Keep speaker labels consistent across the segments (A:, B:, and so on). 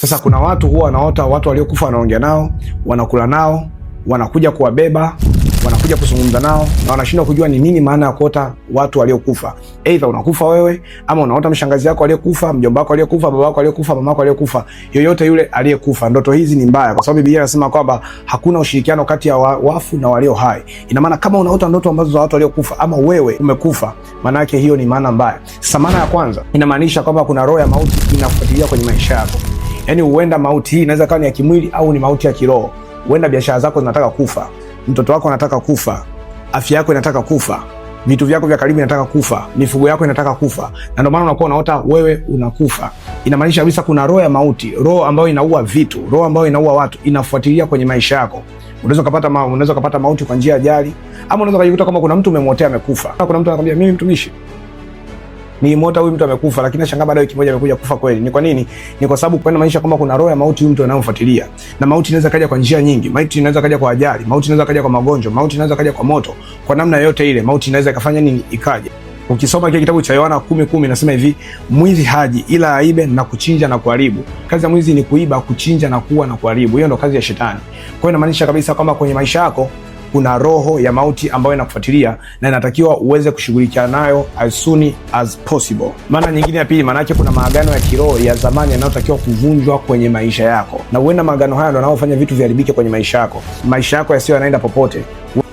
A: Sasa kuna watu huwa wanaota watu waliokufa, wanaongea nao, wanakula nao, wanakuja kuwabeba, wanakuja kuzungumza nao, na wanashindwa kujua ni nini maana ya kuota watu waliokufa. Aidha unakufa wewe, ama unaota mshangazi wako aliyekufa, mjomba wako aliyekufa, baba wako aliyekufa, mama wako aliyekufa, yoyote yule aliyekufa. Ndoto hizi ni mbaya, kwa sababu Biblia inasema kwamba hakuna ushirikiano kati ya wafu na walio hai. Ina maana kama unaota ndoto ambazo za watu waliokufa, ama wewe umekufa, maana yake hiyo ni maana mbaya. Sasa maana ya kwanza inamaanisha kwamba kuna roho ya mauti inafuatilia kwenye maisha yako. Yaani huenda mauti hii inaweza kawa ni ya kimwili au ni mauti ya kiroho. Huenda biashara zako zinataka kufa, mtoto wako anataka kufa, afya yako inataka kufa, vitu vyako vya karibu inataka kufa, mifugo yako inataka kufa, na ndio maana unakuwa unaota wewe unakufa. Inamaanisha kabisa kuna roho ya mauti, roho ambayo inaua vitu, roho ambayo inaua watu, inafuatilia kwenye maisha yako. Unaweza kupata ma, unaweza kupata mauti kwa njia ya ajali, ama unaweza kujikuta kama kuna mtu umemwotea amekufa. Kuna mtu anakwambia mimi mtumishi Nilimwota huyu mtu amekufa, lakini nashangaa baada ya wiki moja amekuja kufa kweli. Ni kwa nini? Ni kwa sababu kwa maisha kwamba kuna roho ya mauti huyu mtu anayomfuatilia. Na mauti inaweza kaja kwa njia nyingi. Mauti inaweza kaja kwa ajali, mauti inaweza kaja kwa magonjwa, mauti inaweza kaja kwa moto. Kwa namna yoyote ile, mauti inaweza ikafanya nini? Ikaja. Ukisoma kile kitabu cha Yohana 10:10 nasema hivi, mwizi haji ila aibe na kuchinja na kuharibu. Kazi ya mwizi ni kuiba, kuchinja na kuua na kuharibu. Hiyo ndio kazi ya shetani. Kwa hiyo inamaanisha kabisa kwamba kwenye maisha yako kuna roho ya mauti ambayo inakufuatilia na inatakiwa uweze kushughulikiana nayo as soon as possible. Maana nyingine ya pili, maanake kuna maagano ya kiroho ya zamani yanayotakiwa kuvunjwa kwenye maisha yako, na huenda maagano haya ndo yanayofanya vitu viharibike kwenye maisha yako. Maisha yako yasiyo yanaenda popote,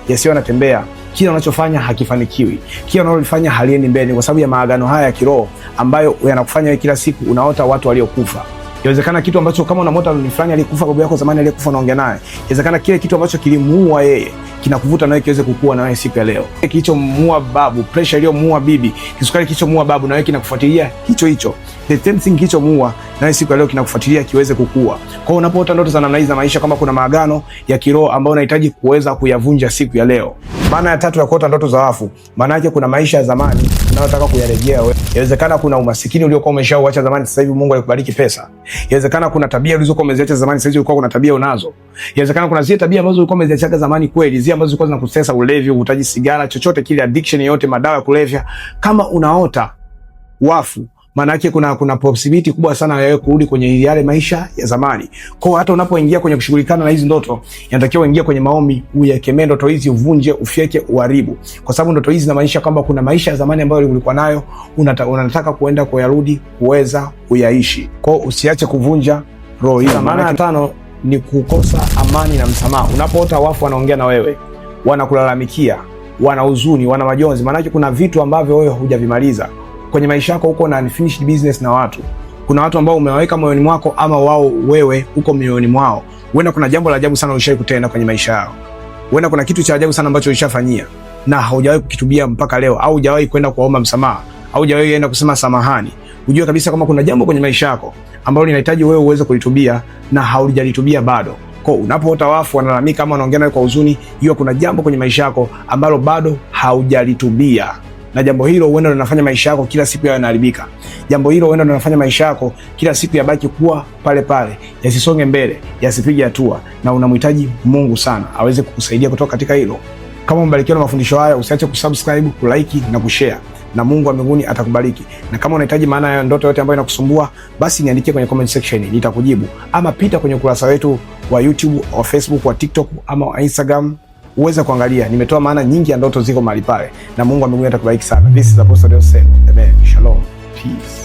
A: yasiyo yanatembea kila unachofanya hakifanikiwi, kila unalofanya haliendi mbele, kwa sababu ya maagano haya ya kiroho ambayo yanakufanya kila siku unaota watu waliokufa. Inawezekana kitu ambacho kama unamwota ni fulani aliyekufa, babu yako zamani aliyekufa unaongea naye. Inawezekana kile kitu ambacho kilimuua yeye kinakuvuta nawe kiweze kukua na wewe siku ya leo. Kile kilichomuua babu, pressure iliyomuua bibi, kisukari kilichomuua babu na wewe kinakufuatilia hicho hicho. The same thing kilichomuua na wewe siku ya leo kinakufuatilia kiweze kukua. Kwa hiyo unapoota ndoto za namna hizi za maisha, kama kuna maagano ya kiroho ambayo unahitaji kuweza kuyavunja siku ya leo. Maana ya tatu ya kuota ndoto za wafu, maana yake kuna maisha ya zamani unayotaka kuyarejea wewe. Inawezekana kuna umasikini uliokuwa umeshauacha zamani, sasa hivi Mungu alikubariki pesa. Inawezekana kuna tabia ulizokuwa umeziacha zamani, sasa hivi ulikuwa kuna tabia unazo. Inawezekana kuna zile tabia ambazo ulikuwa umeziacha zamani kweli, zile ambazo zilikuwa zinakutesa, ulevi, uvutaji sigara, chochote kile, addiction yote, madawa ya kulevya. Kama unaota wafu maanake kuna, kuna possibility kubwa sana ya wewe kurudi kwenye yale maisha ya zamani. Kwa hiyo hata unapoingia kwenye kushughulikana na hizi ndoto, inatakiwa uingie kwenye maombi, uiekemee ndoto hizi, uvunje, ufyeke, uharibu, kwa sababu ndoto hizi zinamaanisha kwamba kuna maisha ya zamani ambayo ulikuwa nayo, unataka kuenda kuyarudi, kuweza kuyaishi. Kwa hiyo usiache kuvunja roho hizi. Maana ya tano ni kukosa amani na msamaha. Unapoota wafu wanaongea na wewe, wanakulalamikia, wana huzuni, wana majonzi, maanake kuna vitu ambavyo wewe hujavimaliza kwenye maisha yako huko na unfinished business na watu. Kuna watu ambao umewaweka moyoni mwako ama wao wewe huko moyoni mwao. Huenda kuna jambo la ajabu sana ulishawahi kutenda kwenye maisha yao. Huenda kuna kitu cha ajabu sana ambacho ulishafanyia na haujawahi kukitubia mpaka leo au hujawahi kwenda kuomba msamaha au hujawahi kwenda kusema samahani. Ujue kabisa kama kuna jambo kwenye maisha yako ambalo linahitaji wewe uweze kulitubia na haulijalitubia bado. Kwa unapoota wafu wanalalamika ama wanaongea nawe kwa huzuni, hiyo kuna jambo kwenye maisha yako ambalo bado haujalitubia na jambo hilo huenda linafanya maisha yako kila siku yawe yanaharibika. Jambo hilo huenda linafanya maisha yako kila siku yabaki kuwa pale pale, yasisonge mbele, yasipige hatua, na unamhitaji Mungu sana aweze kukusaidia kutoka katika hilo. Kama umebarikiwa na mafundisho haya, usiache kusubscribe, kulike na kushare na Mungu wa mbinguni atakubariki. Na kama unahitaji maana ya ndoto yote ambayo inakusumbua, basi niandikie kwenye comment section, nitakujibu ama pita kwenye ukurasa wetu wa YouTube, wa Facebook, wa TikTok ama wa Instagram uweze kuangalia, nimetoa maana nyingi ya ndoto ziko mahali pale, na Mungu amekuja kubariki sana. This is Apostle Deusi, amen. Shalom, peace.